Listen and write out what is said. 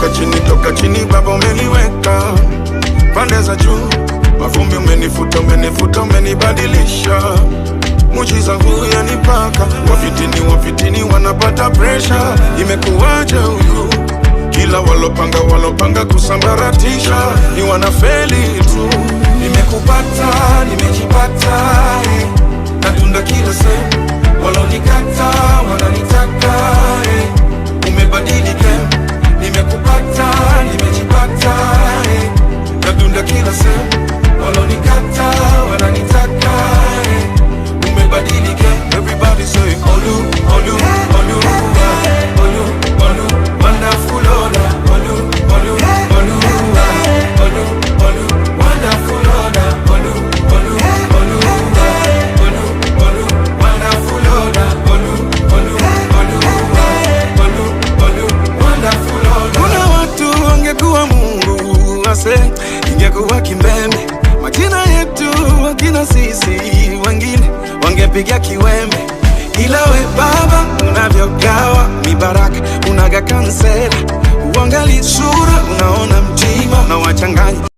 Toka chini, toka chini, Baba umeniweka pande za juu, mavumbi umenifuta, umenifuta, umenibadilisha. Mujiza huyu yanipaka, wafitini, wafitini wanapata presha. imekuwaja huyu? Kila walopanga, walopanga kusambaratisha ni wanafeli tu. Nimekupata, nimejipata friend, ingekuwa kimbembe, majina yetu wakina sisi, wengine wangepiga kiwembe, ila we baba unavyogawa mibaraka, unaga kansela, uangali sura, unaona mtima na wachanganyi